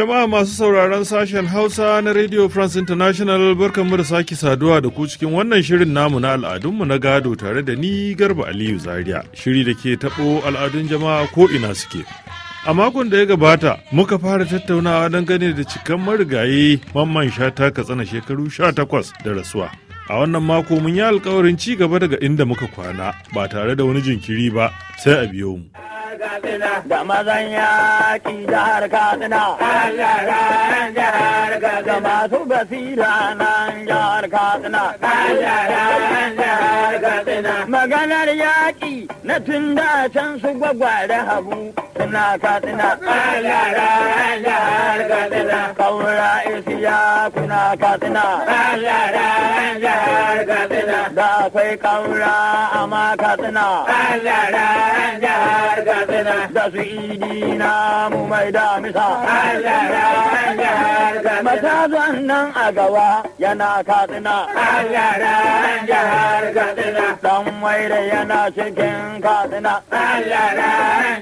Jama'a masu sauraron sashen Hausa na Radio France International barkanmu da sake saduwa da ku cikin wannan shirin namu na al'adunmu na gado tare da ni Garba Aliyu Zaria, shiri da ke taɓo al'adun jama'a ko ina suke. A makon da ya gabata muka fara tattaunawa dangane da cikan marigayi mamman shata katsina shekaru sha takwas da rasuwa. A wannan mako mun yi alkawarin ci gaba daga inda muka kwana ba tare da wani jinkiri ba sai a biyo mu. da mazan yaki jihar katsina da masu basira nan jihar katsina maganar yaki na tun da can su gwagware habu suna katsina kaura isiya kuna katsina da akwai kaura a maka tsina. an jihar Katsina. Da su idi na mu mai damisa. Allaran jihar Katsina. Matazan nan a gaba yana Katsina. an jihar Katsina. Dan waira yana cikin Katsina. an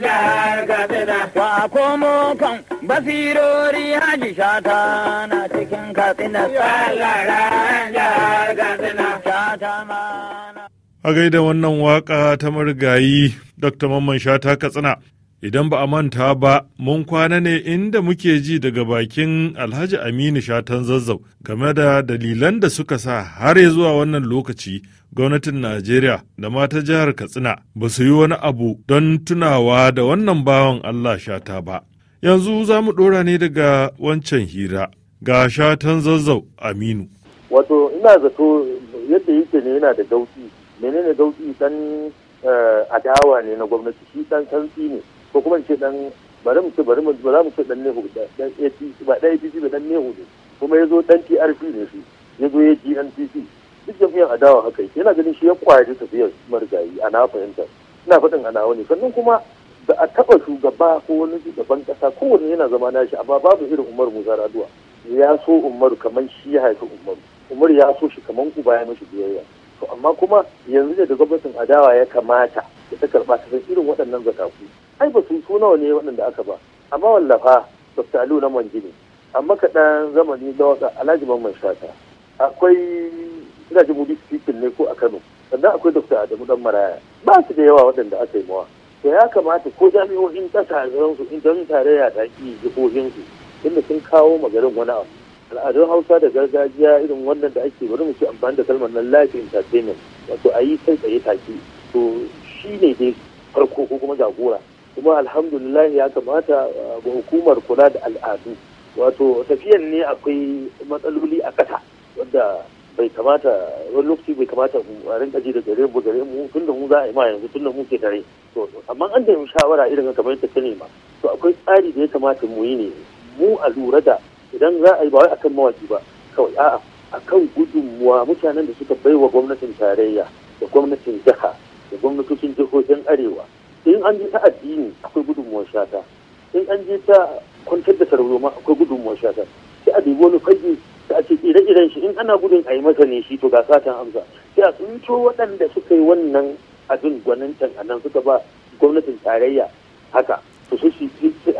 jihar Katsina. Wa komo kan basirori hajji shata na cikin Katsina. Allaran A gaida wannan waka ta marigayi Dr. Mamman Shata Katsina, idan ba a manta ba mun kwana ne inda muke ji daga bakin Alhaji Aminu Shatan Zazzau game da dalilan da suka sa har zuwa wannan lokaci gwamnatin Najeriya da mata jihar Katsina ba su yi wani abu don tunawa da wannan bawan Allah Shata ba. Yanzu za mu ɗora ne daga wancan hira ga Shatan Zazzau Aminu. ina zato yadda yake ne yana da gauti menene gauti dan eh, adawa ne na gwamnati shi dan santsi ne ko kuma ce dan bari mu ce bari mu ba mu ce dan hudu dan APC ba dan APC ba dan ne ne kuma yazo dan TRP ne shi yazo ya GNPC duk jami'an adawa haka yake yana ganin shi ya ta tafiyar marigayi ana fahimta ina faɗin ana wani sannan kuma da a taɓa shugaba ko wani shugaban ƙasa wani yana zama nashi amma babu irin umaru Musa Raduwa ya so Umaru kamar shi ya haifi Umaru umar ya so shi kamar uba ya mashi biyayya to amma kuma yanzu ne da gwamnatin adawa ya kamata da ta karba ta san irin waɗannan zakaku ai ba su nawa ne waɗanda aka ba amma wallafa dr aliyu na manjini amma kaɗan zamani na wasa alhaji mamman shata akwai ina ji mudi speaking ne ko a kano sannan akwai dr adamu dan maraya ba su da yawa waɗanda aka yi mawa to ya kamata ko jami'o'in su in don tarayya ta ƙi jihohinsu inda sun kawo magarin wani abu al'adun hausa da gargajiya irin wannan da ake bari mu ci amfani da kalmar nan life entertainment wato a yi kai tsaye take to shi ne dai farko ko kuma jagora kuma alhamdulillah ya kamata uh, ga hukumar kula da al'adu wato tafiyan ne akwai matsaloli a kasa. wanda bai kamata wani lokaci bai kamata mu a rinka ji da gare mu gare mu tunda mu za a yi ma yanzu tunda mu ke tare to amma an da shawara irin kamar ta ta ma to akwai tsari da ya kamata mu yi ne mu a lura da idan za a yi ba wai akan mawaki ba kawai a'a akan gudunmuwa mutanen da suka baiwa gwamnatin tarayya da gwamnatin jiha da gwamnatocin jihohin arewa in an je ta addini akwai gudunmuwar shata in an je ta kwantar da sarwoma akwai gudunmuwar shata sai a dubi wani fage da ake ire-iren shi in ana gudun a yi masa ne shi to ga satan amsa sai a tsinto waɗanda suka yi wannan abin gwanantan a nan suka ba gwamnatin tarayya haka shi su shi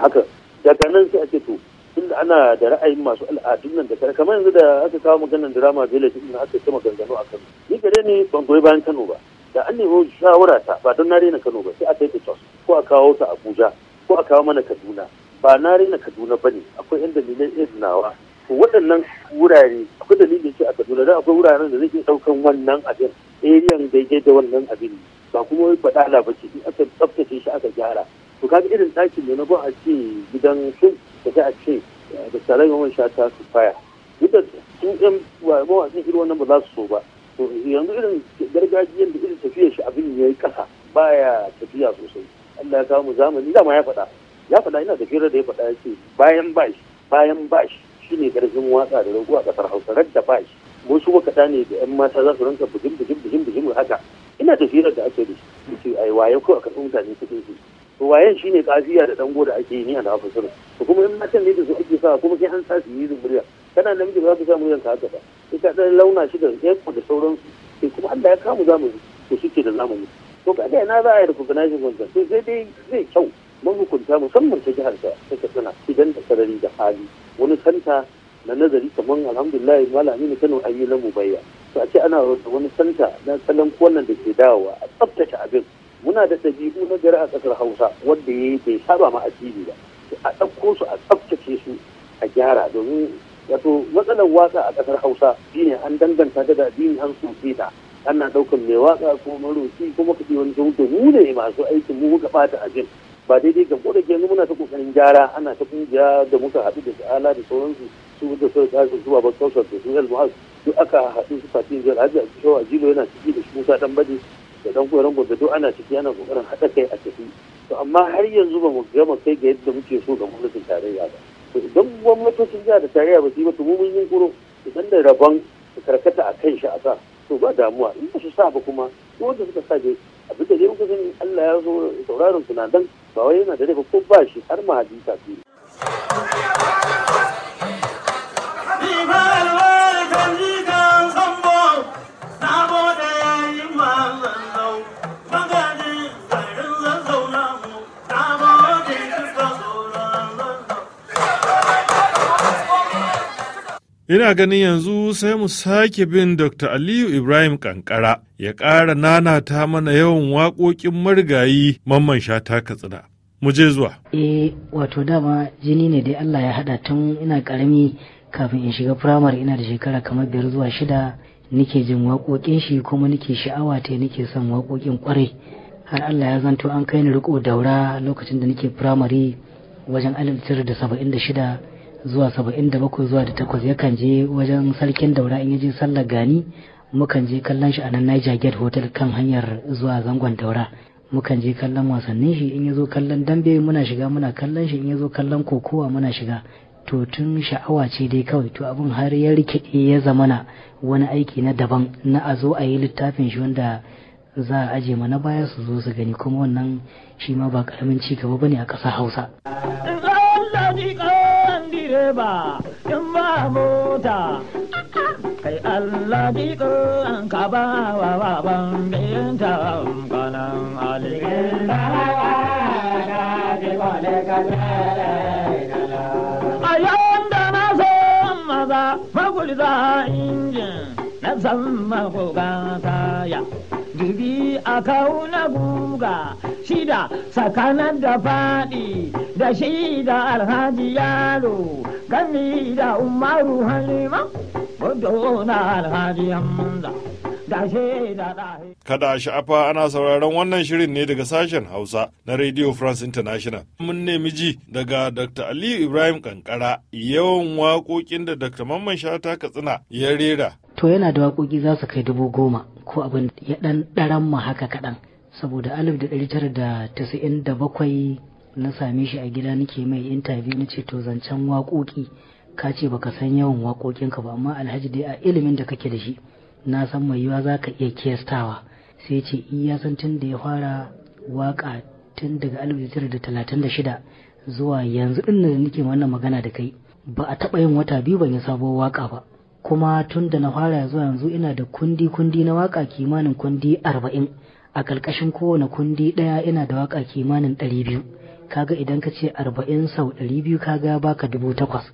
haka daga nan sai a ce to tunda ana da ra'ayin masu al'adun nan da kare kamar yanzu da aka kawo maganar drama village din aka kama gangano a Kano ni gare ni ban goyi bayan Kano ba da an nemo shawara ta ba don na rena Kano ba sai aka yi ta ko a kawo ta Abuja ko a kawo mana Kaduna ba na rena Kaduna bane akwai yan dalilan izinawa to waɗannan wurare akwai dalilin ce a Kaduna da akwai wuraren da zai iya ɗaukan wannan abin eriyan daidai da wannan abin ba kuma wai faɗa labarci in aka tsaftace shi aka gyara to kaga irin ɗakin ne na ba a ce gidan shi da a ce eh, da sarai mamman shata su faya duk da sun yan mawasan irin wannan ba za su so ba to yanzu irin gargajiyan da irin tafiyar shi abin ya yi ƙasa baya tafiya sosai Allah ya kawo mu zamani dama ya faɗa ya faɗa ina da firar da ya faɗa ya ce bayan bashi bayan bashi shine garjin watsa da rago a ƙasar Hausa radda bashi wasu makaɗa ne da 'yan mata za su rinka bujin bujin bujin bujin haka ina da firar da ake da shi ce ai waye ko a karɓi mutane kuɗin su to wayen shine kafiya da dango da ake yi ni a da fasara to kuma in matan ne da su ake sa kuma sai an sasu yi murya kana namiji ba za ka sa ka haka ba sai ka dan launa shi da yanko da sauransu sai kuma Allah ya kamu su to suke da zamani to ka na za a yi recognizing gonta to sai dai zai kyau mahukunta musamman ta jihar ta ta tsana. idan da sarari da hali wani santa na nazari kamar alhamdulillah malami ne kano ayi lamu bayya to a ce ana wani santa na salon wannan da ke dawowa a tsaftace abin muna da ɗabi'u na gari a ƙasar hausa wanda ya bai saba ma asiri ba a ɗauko su a tsaftace su a gyara domin wato matsalar waka a ƙasar hausa shine an danganta ta da addini an soke ta ana ɗaukar mai waka ko maroki ko makaɗi wani da mu ne masu aikin mu muka ɓata abin ba daidai ga ko da ke muna ta kokarin gyara ana ta ƙungiya da muka haɗu da ta'ala da sauransu su da su da su zuwa ba kausar da su yalmu duk aka haɗu su fatin jihar hajji a jilo yana ciki da shi musa dan baje da dan koyar da duk ana ciki ana kokarin haɗa kai a ciki to amma har yanzu ba mu gama kai ga yadda muke so ga gwamnatin tarayya ba to idan gwamnatocin jiha da tarayya ba su yi ba to mu mun kuro idan da rabon su karkata a kan shi a sa to ba damuwa in ba su sa ba kuma ko wanda suka sa dai abin da dai muka sani Allah ya zo sauraron tunanin ba wai yana da ko ba shi har ma hadisa su Ina ganin yanzu sai mu sake bin Dr. Aliyu Ibrahim Kankara ya ƙara nanata mana yawan waƙoƙin marigayi mamman ta katsina. Mu je zuwa. Eh, wato dama jini ne dai Allah ya haɗa tun ina ƙarami kafin in shiga firamare ina da shekara kamar biyar zuwa shida nike jin waƙoƙin shi kuma nike sha'awa ta nike son waƙoƙin ƙwarai. Har Allah ya zanto an kai ni riƙo daura lokacin da nike firamare wajen alif da saba'in da shida zuwa saba'in da bakwai zuwa da takwas yakan je wajen sarkin daura in yaje sallar gani mukan je kallon shi a nan Niger Gate Hotel kan hanyar zuwa zangon daura mukan je kallon wasannin shi in yazo kallon dambe muna shiga muna kallon shi in yazo kallon kokowa muna shiga to tun sha'awa ce dai kawai to abun har ya rikide ya zamana wani aiki na daban na a zo a yi littafin shi wanda za a aje mana baya su zo su gani kuma wannan shi ma ba karamin ci gaba bane a ƙasar Hausa ba in ba mota kai Allah ko an ka ba wa wa ban ta kanan alikin da wa ka ji ka a yawan da na so maza magulza injin na zama ko ya jirgi a kauna guga shida sakanar da faɗi da shida alhaji yaro gami da umaru halima na alhaji yamma da shida Kada a sha'afa ana sauraron wannan shirin ne daga sashen Hausa na Radio France International. Mun nemi ji daga Dr. Aliyu Ibrahim Kankara yawan waƙoƙin da Dr. Mamman Shata Katsina ya rera to yana da waƙoƙi za su kai dubu goma ko abin ya ɗan ɗaran ma haka kaɗan saboda alif da ɗari tara da tasa'in da bakwai na same shi a gida nake mai intabi na ce to zancen waƙoƙi ka ce baka san yawan waƙoƙinka ba amma alhaji dai a ilimin da kake da shi na san mai yiwa za ka iya kiyastawa sai ce ya san tun da ya fara waƙa tun daga alif da talatin da shida zuwa yanzu ɗin da nake wannan magana da kai ba a taɓa yin wata biyu ban yi sabuwar waƙa ba kuma tun da na fara zuwa yanzu ina da kundi-kundi na waka kimanin kundi arba'in a ƙarƙashin kowane kundi ɗaya ina da waka kimanin ɗari biyu kaga idan ka ce arba'in sau ɗari biyu kaga baka dubu takwas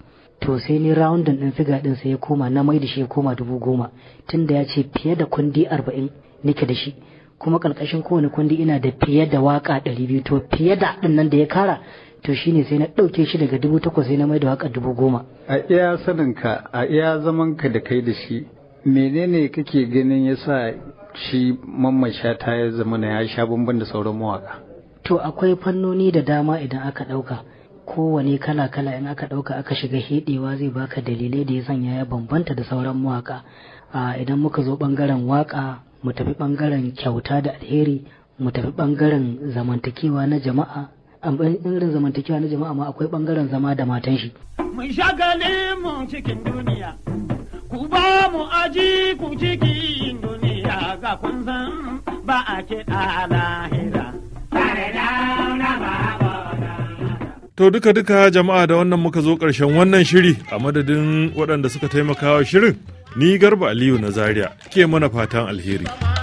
to sai ni raundin ɗin figa ɗin sai ya koma na mai da shi ya koma dubu goma tun da ya ce fiye da kundi arba'in nake da shi kuma ƙarƙashin kowane kundi ina da fiye da waka ɗari biyu to fiye da ɗin nan da ya kara to shine sai na ɗauke shi daga dubu takwas sai na mai da waka dubu goma. A iya saninka a iya zamanka da kai da shi menene kake ganin ya sa shi mamman shata ya zama na ya sha bamban da sauran mawaka. To akwai fannoni da dama idan aka ɗauka kowane kala-kala in aka ɗauka aka shiga hedewa zai baka dalilai da ya sanya ya bambanta da sauran mawaka. Idan muka zo ɓangaren waka mu tafi ɓangaren kyauta da alheri mu tafi ɓangaren zamantakewa na jama'a ɓangaren zamantakewa na jama'a ma akwai ɓangaren zama da matan shi. Mun shagali mu cikin duniya, ku ba mu aji ku cikin duniya ga kun san ba a kiɗa lahira. Tare da na ba To duka-duka jama'a da wannan muka zo ƙarshen wannan shiri a madadin waɗanda suka taimaka wa shirin ni garba Aliyu na Zaria ke mana fatan alheri.